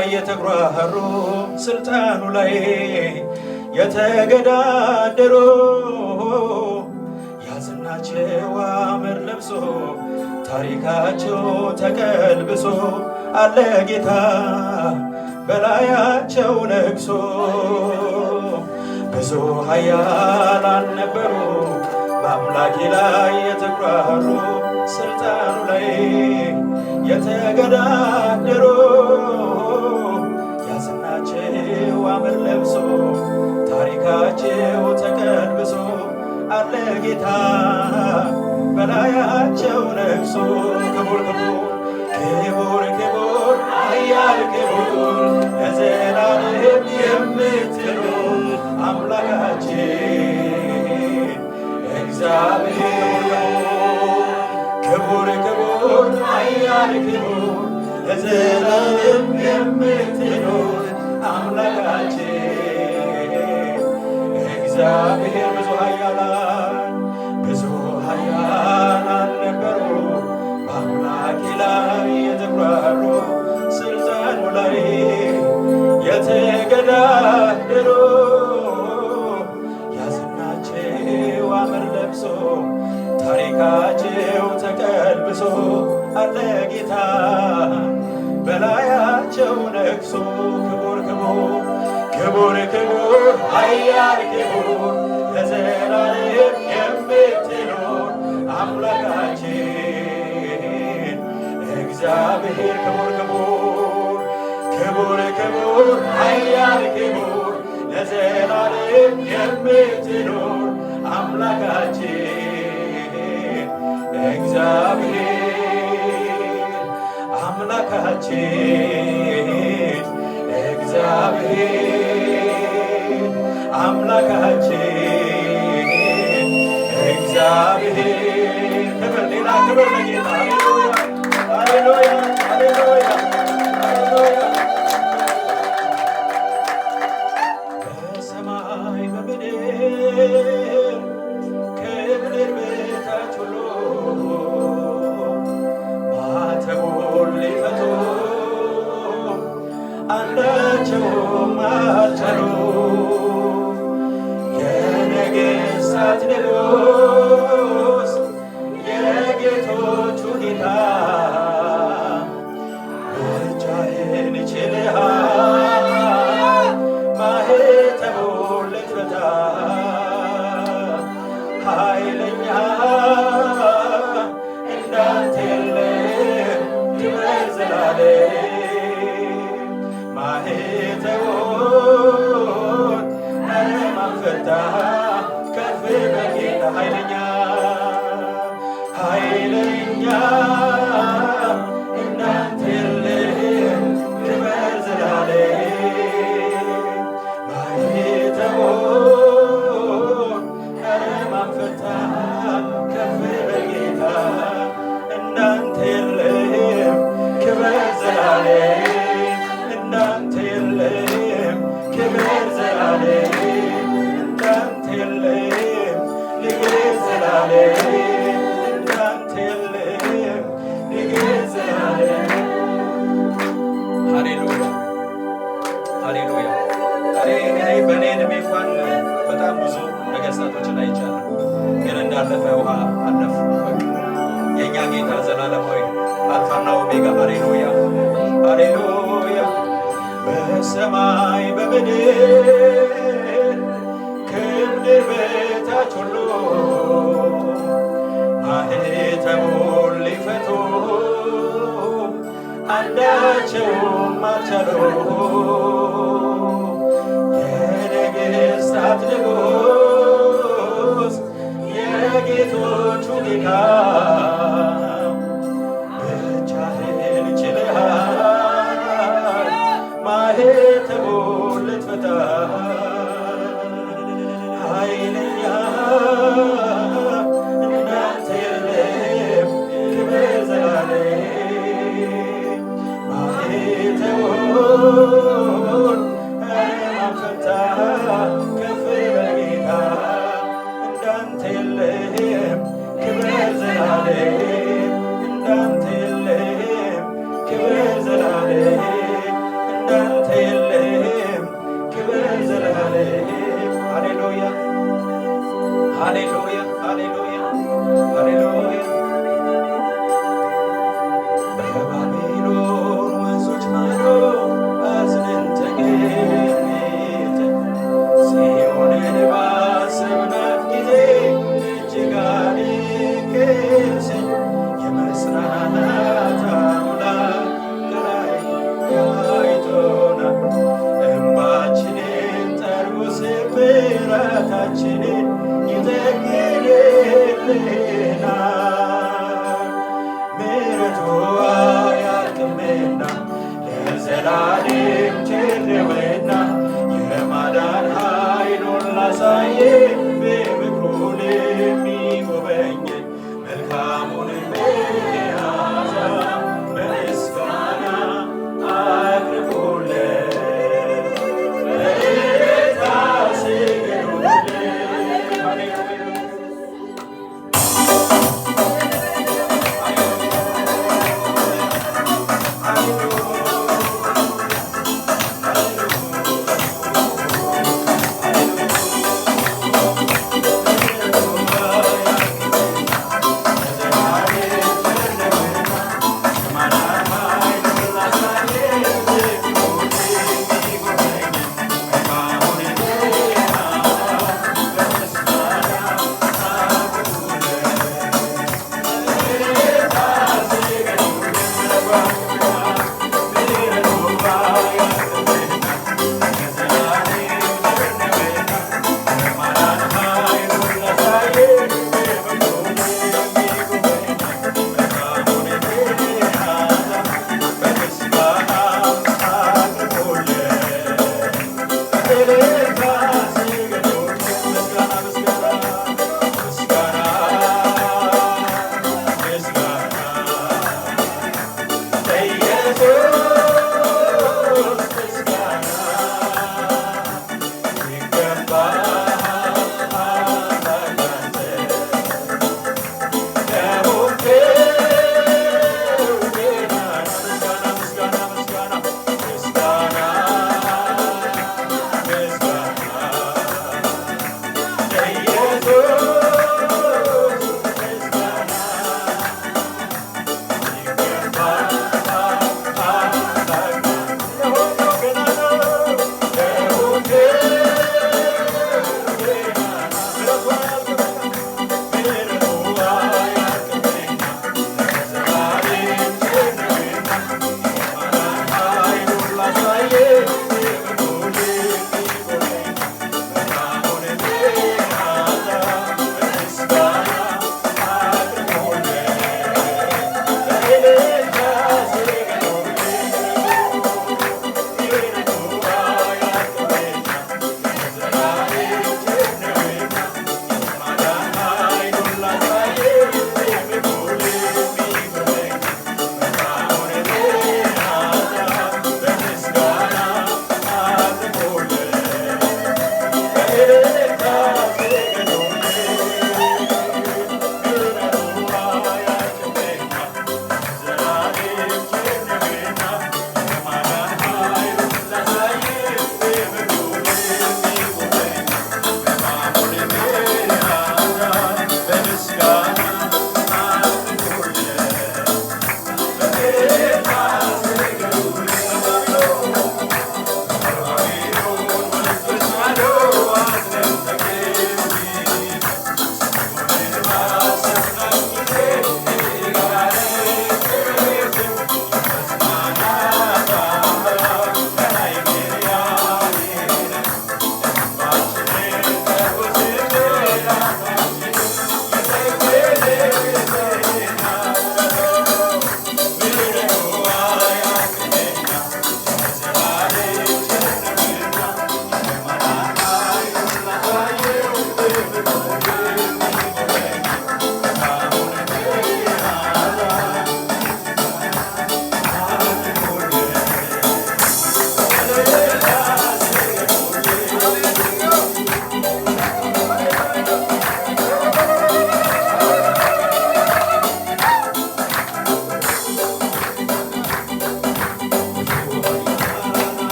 ላይ ስልጣኑ ላይ የተገዳደሩ ያዝናቸው አመድ ለብሶ ታሪካቸው ተቀልብሶ አለ ጌታ በላያቸው ነግሶ ብዙ ኃያላን ነበሩ በአምላኬ ላይ የተኩራሩ ስልጣኑ ላይ የተገዳደሩ ክብር ለብሶ ታሪካቸው ተቀልብሶ አለ ጌታ በላያቸው ነግሶ ክቡር ክቡር ክቡር ክቡር ኃያል ክቡር ለዘላለም የምትኖር አምላካችን እግዚአብሔር ክቡር ክቡር ኃያል ክቡር ለዘላለም የምትኖር አምላካችን እግዚአብሔር ብዙ ኃያላ እግዚአብሔር ክቡር ክቡር ክቡር ክቡር ኃያል ክቡር ለዘላለም የምትኖር አምላካችን እግዚአብሔር አምላካችን እግዚአብሔር አምላካችን እግዚአብሔር ክብር ሌላ ክብር ለጌታ ማህተውን ከፍ ኃይለኛ ኃይለኛ ጋ ሃሌሉያ ሃሌሉያ በሰማይ በምድር ከምድር በታች ሁሉ ማህተሙን ሊፈቱ አንዳቸውም አልቻሉም። የነገሥታት ንጉሥ የጌቶቹ ጌታ Amen.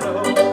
shadow.